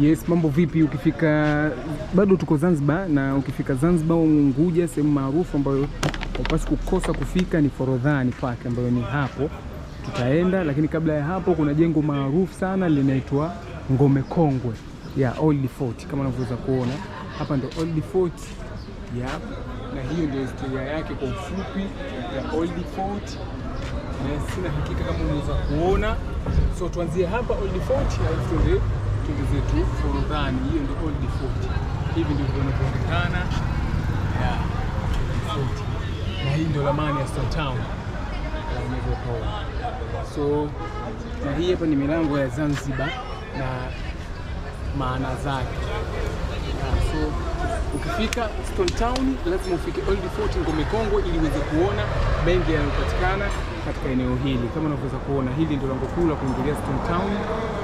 Yes, mambo vipi? Ukifika bado tuko Zanzibar, na ukifika Zanzibar au Unguja, sehemu maarufu ambayo upasi kukosa kufika ni Forodhani Park ambayo ni hapo tutaenda, lakini kabla ya hapo kuna jengo maarufu sana linaitwa Ngome Kongwe ya Old Fort. Kama unavyoweza kuona hapa ndo Old Fort ya, na hiyo ndio historia yake kwa ufupi ya Old Fort. Sina hakika kama unaweza kuona, so tuanzie hapa Old Fort, ya tungi zetu forodhani. Hiyo ndio old fort, hivi ndivyo vinavyoonekana Na hii ndio ramani ya Star Town unavyokaona. So na hii hapa ni milango ya Zanzibar na maana zake So ukifika Stone Town lazima ufike Old Fort Ngome Kongwe ili uweze kuona benki yanayopatikana katika eneo hili. Kama unavyoweza kuona, hili ndio lango kuu la kuingilia Stone Town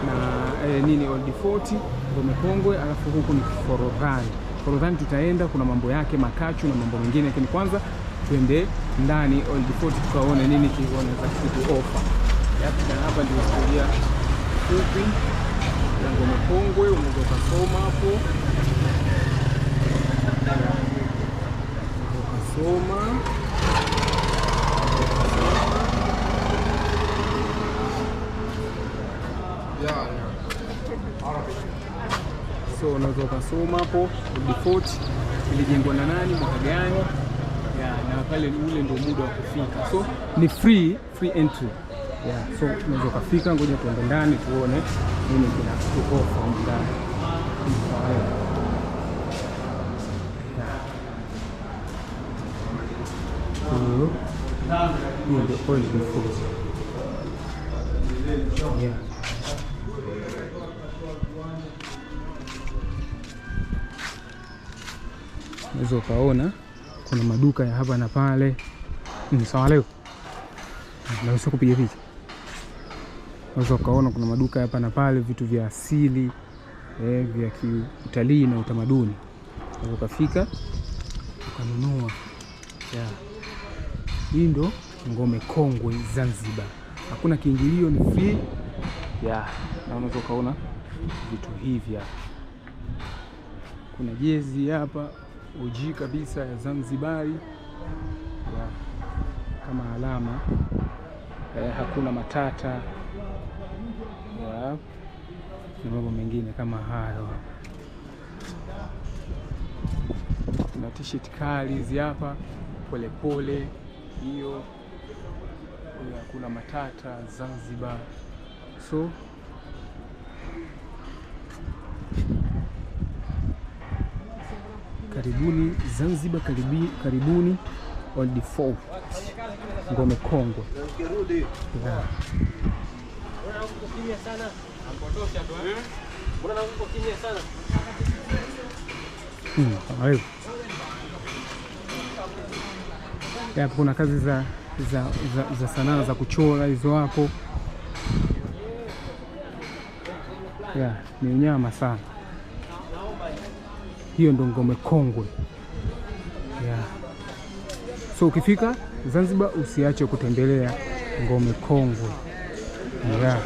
na e, nini Old Fort Ngome Kongwe, alafu huku ni Forodhani. Forodhani tutaenda, kuna mambo yake makachu na mambo mengine, lakini kwanza tuende ndani Old Fort tukaone nini kiwanaweza kutuofa. Hapa ndio historia fupi ya Ngome Kongwe, unaweza ukasoma hapo ukasoma so unaweza ukasoma hapo default ilijengwa na nani mwaka gani, na pale ule ndio muda wa kufika, so ni free free entry yeah. So unaweza ukafika, ngoja tuende ndani tuone nini kinatukofa ndani Yeah. oil Yeah. unaweza ukaona kuna maduka ya hapa na pale, ni sawa. Leo naweza kupiga picha, unaweza ukaona kuna maduka hapa na pale, vitu vya asili eh, vya kiutalii na utamaduni, unaweza ukafika ukanunua. Yeah. Hii ndo ngome kongwe Zanzibar, hakuna kiingilio, ni free yeah. Na unaweza ukaona vitu hivi hapa, kuna jezi hapa OG kabisa ya Zanzibari ya, kama alama eh, hakuna matata ya, na mambo mengine kama hayo. na t-shirt kali hizi hapa, polepole hiyo, hakuna matata Zanzibar so karibuni Zanzibar, karibuni, karibuni on the ngome kongwe hmm, yeah. kuna kazi za, za, za, za sanaa za kuchora hizo hapo yeah, ni unyama sana hiyo ndo ngome kongwe yeah. So ukifika Zanzibar usiache kutembelea ngome kongwe yeah.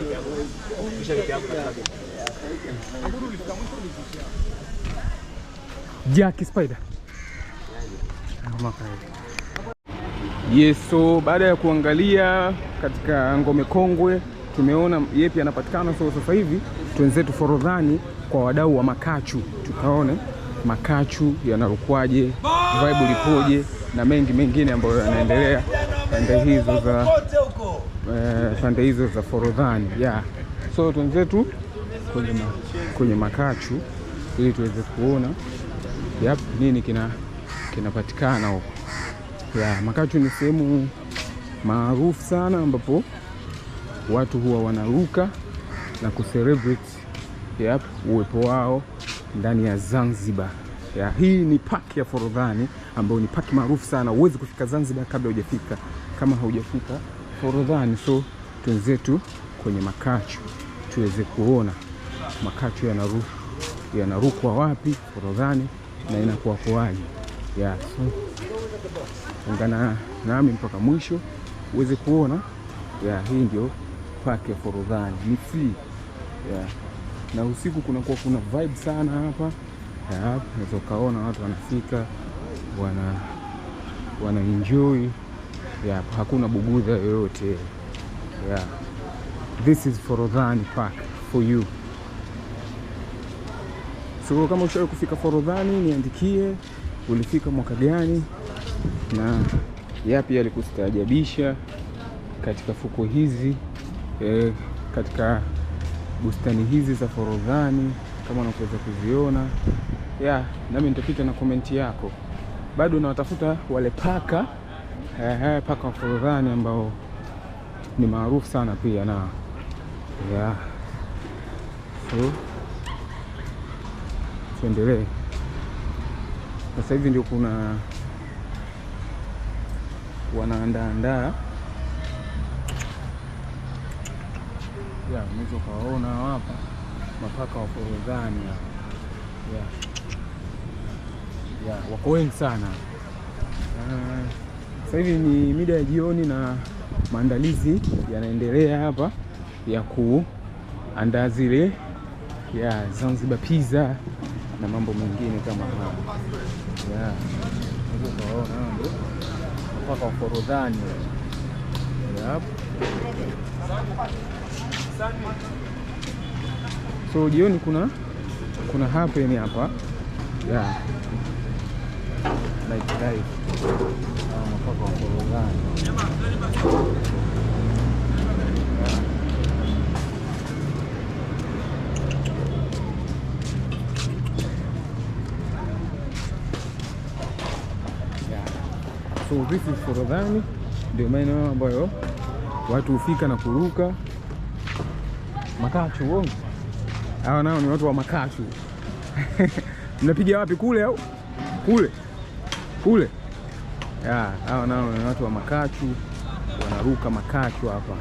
Jaki Spider. Yes, so baada ya kuangalia katika ngome kongwe tumeona yepi anapatikana. So sasa hivi twenzetu Forodhani kwa wadau wa makachu tukaone makachu yanarukwaje, vibe lipoje, na mengi mengine ambayo yanaendelea pande hizo za eh, pande hizo za Forodhani yeah. So tu kwenye, ma, kwenye makachu ili tuweze kuona yep, nini kina kinapatikana huko yeah. Makachu ni sehemu maarufu sana ambapo watu huwa wanaruka na kucelebrate yep, uwepo wao ndani ya Zanzibar. Ya, hii ni paki ya Forodhani ambayo ni paki maarufu sana. Huwezi kufika Zanzibar kabla hujafika kama haujafika Forodhani. So twenzetu kwenye makachu tuweze kuona makachu yanaru yanarukwa wapi Forodhani na inakuwa poaje. Ya, so ungana nami mpaka mwisho uweze kuona. Ya, hii ndio paki ya Forodhani ni free. Yeah na usiku kunakuwa kuna vibe sana hapa. Unaweza ukaona watu wanafika wana wana enjoy yeah, hakuna bugudha yoyote yeah. This is Forodhani Park for you. So kama ushawahi kufika Forodhani, niandikie ulifika mwaka gani na yapi yalikustaajabisha katika fuko hizi eh, katika bustani hizi za Forodhani kama unavyoweza kuziona. Yeah, nami nitapita na komenti yako. Bado nawatafuta wale paka eh, paka wa Forodhani ambao ni maarufu sana pia na yeah. So tuendelee sasa hivi ndio kuna wanaandaandaa ya unaweza ukawaona hapa mapaka wa Forodhani hapa, wako wengi sana. Uh, sasa hivi ni mida ya jioni na maandalizi yanaendelea hapa ya kuandaa zile ya Zanzibar pizza na mambo mengine kama haya. Yeah. Ukawaona ndio mpaka Forodhani hapo. So jioni kuna kuna happen hapa yeah. Like live So this is Forodhani, ndio maeneo ambayo watu hufika na kuruka Makachu wao. Hao nao ni watu wa makachu. Mnapiga wapi kule au? Kule. Kule. Ya, hao nao ni watu wa makachu. Wanaruka makachu hapa.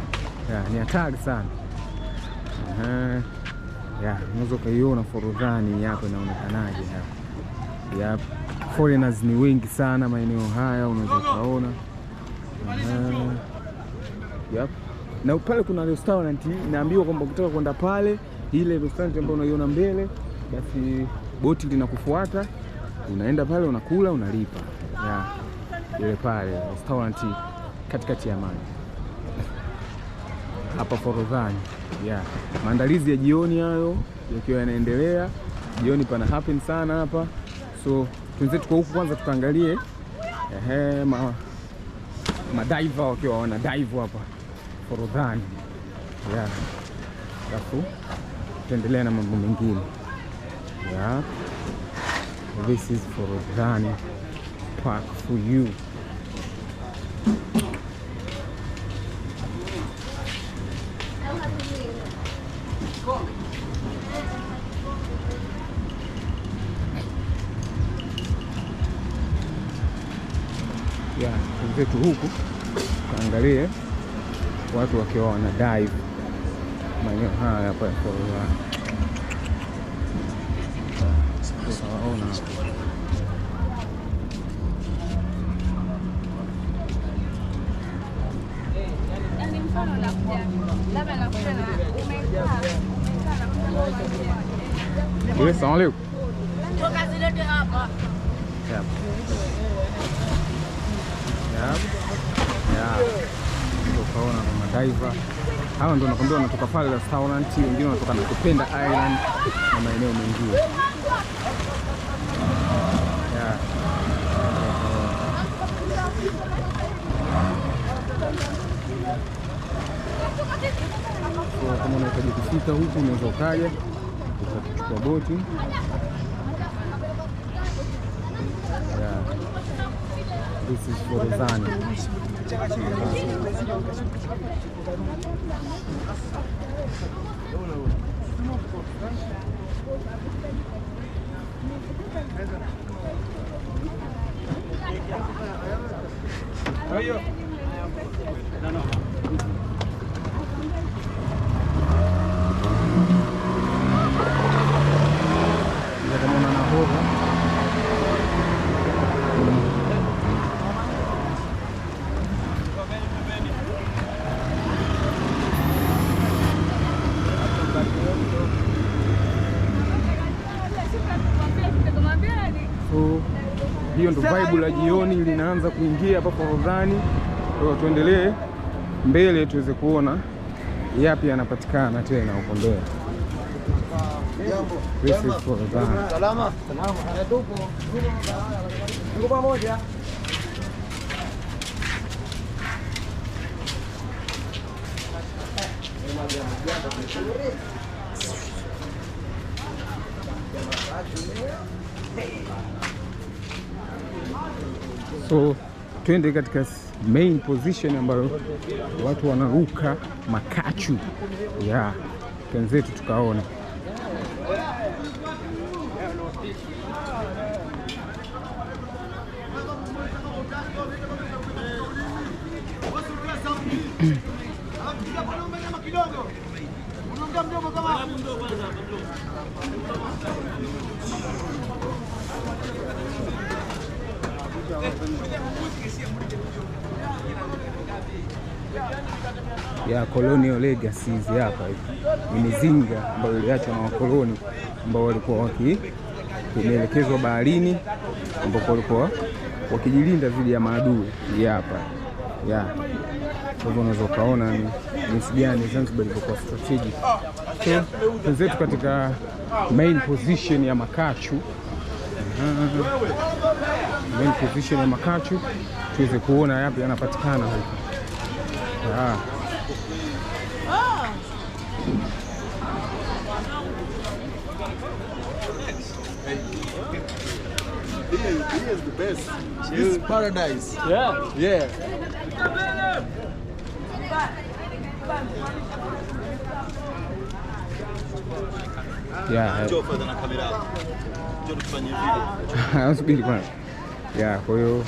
Ya, ni hatari sana. Aha. Ya, unaweza ukaiona Forodhani hapa inaonekanaje hapa. Ya, foreigners ni wengi sana maeneo haya unaweza ukaona. Yep na pale kuna restaurant inaambiwa kwamba ukitaka kwenda pale, ile restaurant ambayo unaiona mbele, basi boti linakufuata unaenda pale, unakula, unalipa ya Ile pale restaurant katikati ya maji hapa Forodhani yeah. Maandalizi ya jioni hayo yakiwa yanaendelea, jioni pana happen sana hapa, so tuenzetu tuko huku kwanza tukaangalie ehe, ma, madaiva wakiwa wana dive hapa Forodhani, ya Alafu tuendelea na mambo mengine ya This is Forodhani park for you ya yeah. Zetu huku tuangalie watu wakiwa wana dive maeneo haya hapa ya Tunaona Yeah. ukaona na madiver hawa ndio nakwambia wanatoka pale restaurant, wengine wanatoka na kupenda island na maeneo mengine yeah. kama unahitaji kufika huku unaweza ukaja ukachukua boti This is for Zani. No, no. karibu la jioni linaanza kuingia hapa Forodhani. Tuendelee mbele tuweze kuona yapi yanapatikana tena huko mbele. So twende katika main position ambayo watu wanaruka makachu ya yeah. Penzetu tukaona ya colonial Legacies hapa hivi ni mizinga ambayo iliachwa na wakoloni ambao walikuwa waki imeelekezwa baharini ambapo walikuwa wakijilinda dhidi ya maadui. Hii hapa ya kwa unaweza ukaona ni jinsi gani Zanzibar ilivyokuwa strategic. So wenzetu katika main position ya Makachu main position ya makachu tuweze kuona yapi yanapatikana huko. Ah. He is, he is the best. This is paradise. Yeah. Yeah. Yeah. Subiri bwana. Ah, kwa hiyo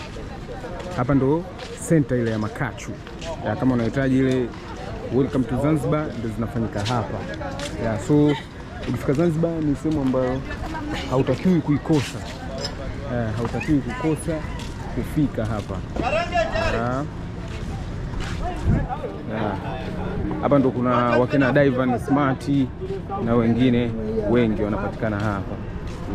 hapa ndo senta ile ya makachu ya, kama unahitaji ile welcome to Zanzibar ndo zinafanyika hapa ya, so ukifika Zanzibar ni sehemu ambayo hautakiwi kuikosa ya, hautakiwi kukosa kufika hapa ya. Ah. Ya. Hapa ndo kuna wakina Divan Smart na wengine wengi wanapatikana hapa.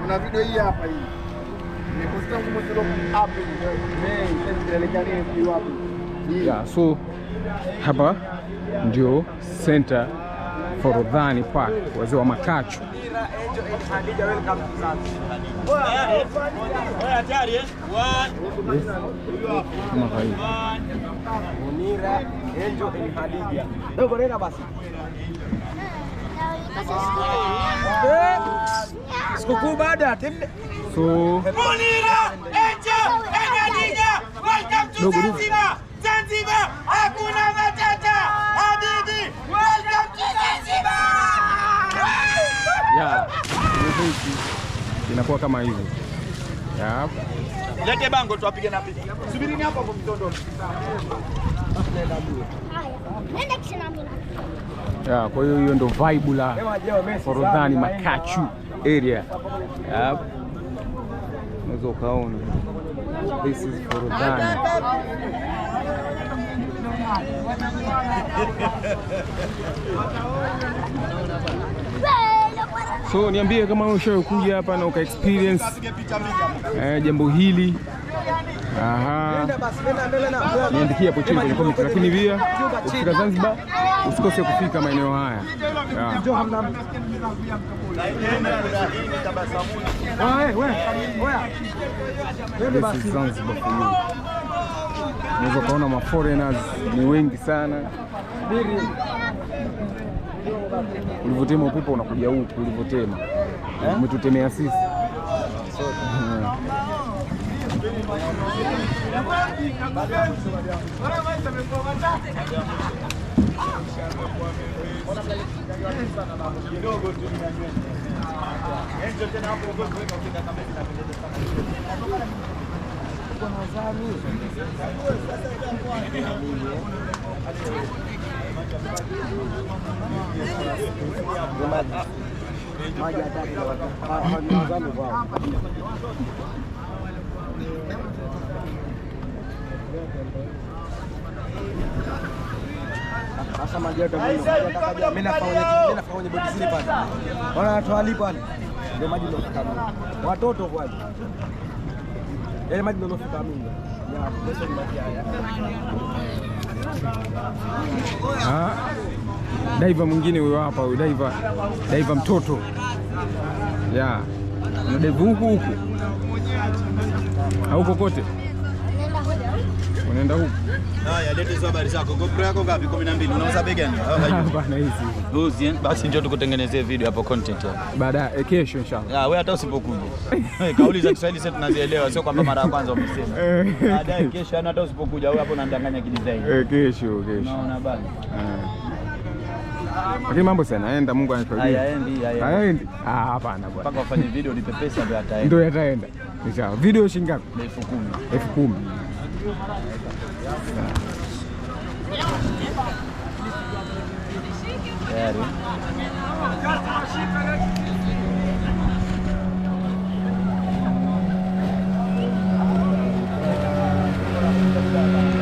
Kuna video hii hapa hii. Yeah, so hapa ndio Center Forodhani Park, wazee wa Makacho. Khadija, welcome to Zanzibar. Tayari eh? Munira, Angel and eh, Sikukuu baada timbe. So Munira, Angel and welcome to Zanzibar. Zanzibar, hakuna matata. Habibi, welcome to Zanzibar yeah. Inakuwa kama hivi yeah. Lete bango tuwapige na Subirini hapo kwa mtondo. Yeah, kwa hiyo hiyo ndo vibe la Forodhani Makachu area. Unaweza ukaona. This is Forodhani. So niambie kama ushawahi kuja hapa na uka experience eh, jambo hili. Aha, Niandikia hapo chini kwenye comment, lakini pia ukifika Zanzibar usikose kufika maeneo haya. This is Zanzibar Unaweza ukaona ma ni wengi sana ulivyotema upepo unakuja huku ulivyotema, eh? umetutemea sisi Sasa maji mimi nafaa kwenye boti zile pale, wana natoa lipo pale, ndio maji ndio watoto kwani yale maji ndio nafika mimi. Ah, daiva mwingine huyo hapa, huyo daiva, daiva mtoto ya yeah. daiva huku huku au kokote unaenda huku Haya, lete hizo habari zako. GoPro yako ngapi? 12. Unauza bei gani? Bana hizi. Uzi, eh? basi njoo tukutengenezee video hapo content hapo. Baada eh, kesho inshallah. Ah, wewe hata usipokuja. Eh, kauli za Kiswahili sasa tunazielewa, sio kwamba mara ya kwanza umesema. Baada kesho, yani hata usipokuja wewe hapo unadanganya kidesign. Eh, kesho, kesho. Unaona bana. Lakini mambo si yanaenda, Mungu anatusaidia. Ah, hapana bwana. Mpaka ufanye video nipe ndio yataenda. Ndio yataenda. Video shilingi ngapi? 10,000. 10,000. Değerli. Thank you.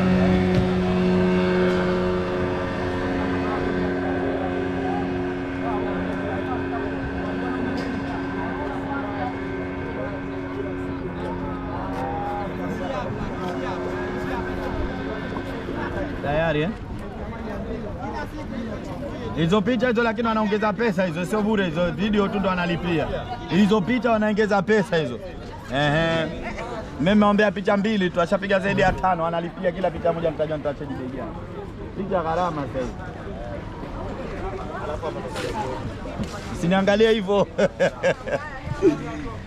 Hizo picha hizo, lakini wanaongeza pesa hizo, sio bure hizo. Video tu ndo wanalipia hizo picha, wanaongeza pesa hizo. Ehe, mimi nimeombea picha mbili tu, ashapiga zaidi ya tano, wanalipia kila picha moja, mtaja nitachaji bei gani picha, gharama sasa hivi. Siniangalie hivyo.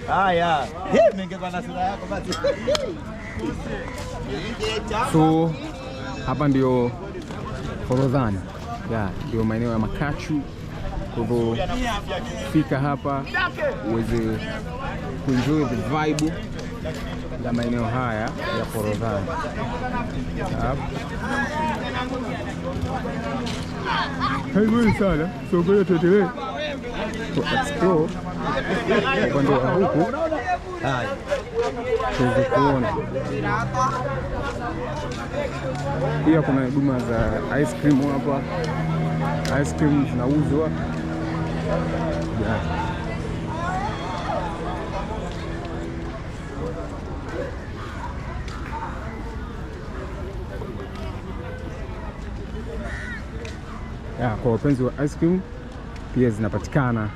Haya, ningekuwa na sura yako basi. So hapa ndio Forodhani, ndio maeneo ya Makachu. Kwa hivyo fika hapa uweze kuenjoy the vibe la maeneo haya ya Forodhani. Haiburi sana sogea, tuendelee to explore upande wa huku tuweze kuona pia kuna huduma za ice cream hapa, ice cream zinauzwa yeah. Ya, kwa wapenzi wa ice cream pia zinapatikana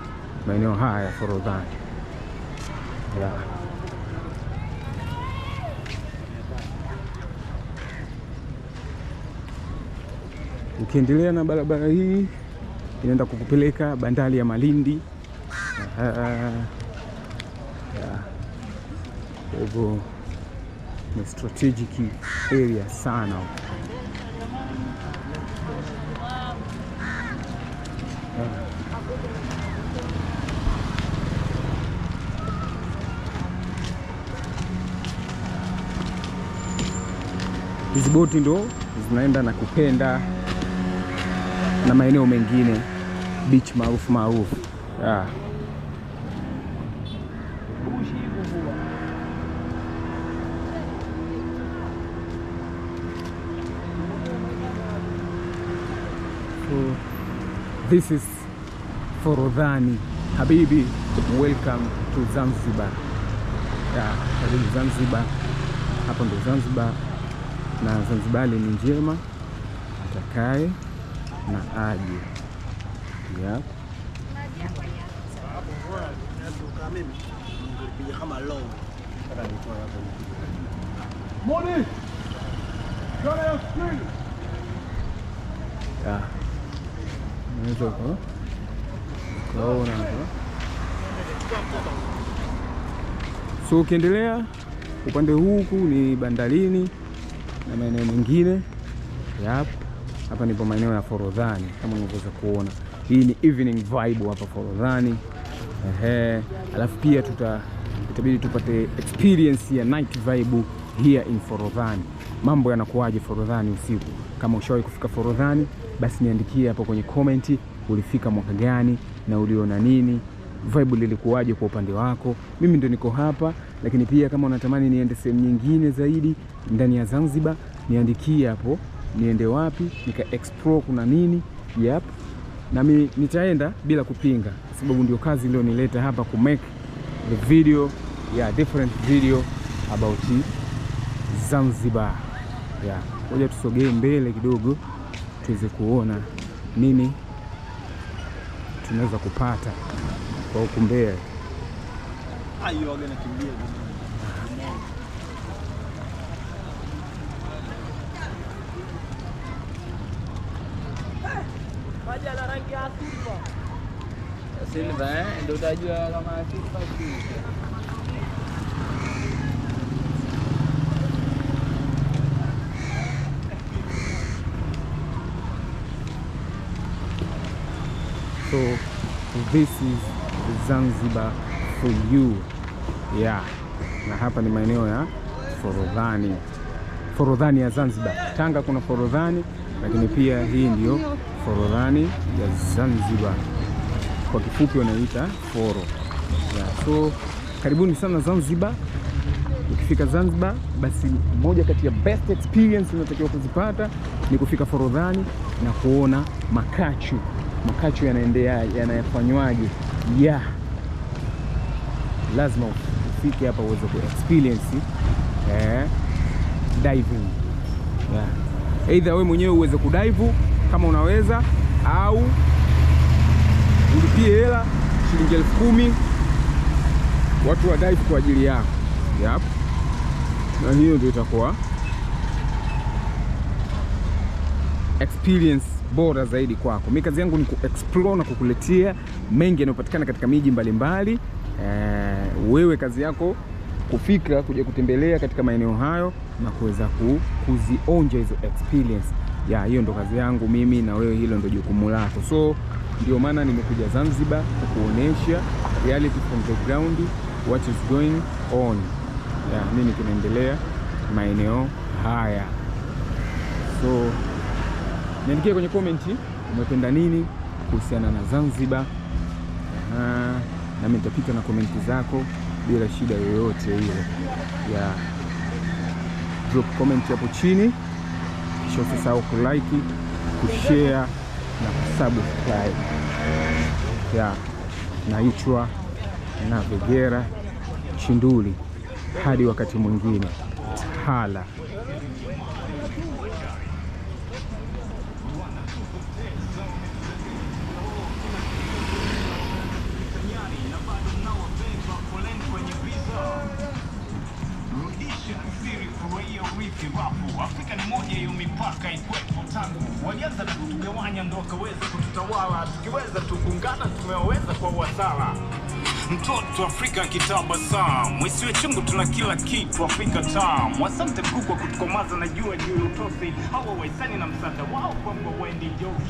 maeneo haya ya Forodhani. Ukiendelea na barabara hii inaenda kukupeleka bandari ya Malindi. Ah, ah, Kwa hivyo ni strategic area sana. Hizi boti ndo zinaenda na kupenda na maeneo mengine beach maarufu maarufu yeah. So, this is Forodhani habibi, welcome to Zanzibar. Yeah, Zanzibar. Hapo ndo Zanzibar na Zanzibar ni njema atakaye na aje so, ukiendelea upande huku ni bandarini na maeneo mengine yap hapa nipo maeneo ya Forodhani kama unavyoweza kuona, hii ni evening vibe hapa Forodhani. Ehe, alafu pia tuta itabidi tupate experience ya night vibe here in Forodhani. Mambo yanakuwaje Forodhani usiku? Kama ushawahi kufika Forodhani, basi niandikie hapo kwenye comment, ulifika mwaka gani na uliona nini, vibe lilikuwaje kwa upande wako. Mimi ndo niko hapa, lakini pia kama unatamani niende sehemu nyingine zaidi ndani ya Zanzibar, niandikie hapo niende wapi, nika explore kuna nini. Yep, mi, nitaenda bila kupinga, sababu ndio kazi iliyonileta hapa ku make the video ya different video about Zanzibar. Yeah, ngoja tusogee mbele kidogo tuweze kuona nini tunaweza kupata kwa huku mbele. eh, ndio utajua kama So this is Zanzibar for you. Yeah. Na hapa ni maeneo ya Forodhani. Forodhani ya Zanzibar. Tanga kuna Forodhani lakini pia hii ndio Forodhani ya Zanzibar, kwa kifupi wanaita Foro ya. So karibuni sana Zanzibar. Ukifika Zanzibar, basi moja kati ya best experience unatakiwa kuzipata ni kufika Forodhani na kuona makachu. Makachu yanaendea yanayofanywaje? ya yeah. Lazima ufike hapa uweze ku experience eh, diving yeah. Either wewe mwenyewe uweze kudive kama unaweza, au ulipie hela shilingi elfu kumi watu wa dive kwa ajili yako yep. Na hiyo ndio itakuwa experience bora zaidi kwako. Mi kazi yangu ni explore na kukuletea mengi yanayopatikana katika miji mbalimbali ee, wewe kazi yako kufika kuja kutembelea katika maeneo hayo na kuweza kuzionja hizo experience ya hiyo ndo kazi yangu mimi, na wewe hilo ndo jukumu lako. So ndio maana nimekuja Zanzibar kukuonesha reality from the ground, what is going on, ya nini kinaendelea maeneo haya. So niandikie kwenye komenti umependa nini kuhusiana na Zanzibar. Aha, nami nitapita na komenti zako bila shida yoyote ile ya drop comment hapo chini kuhakikisha usisahau ku share na subscribe. Ya naitwa Navegera Chinduli, hadi wakati mwingine, hala mpaka ikwepo tangu walianza na kutugawanya, ndo wakaweza kututawala. Tukiweza tukungana, tumeweza kwa wasala Mtoto Afrika saa isiwe chungu, tuna kila kitu Afrika tam Asante mkuu kwa kutukomaza na jua juu utosi hawa waisani na msaada wao kwamba wendi joki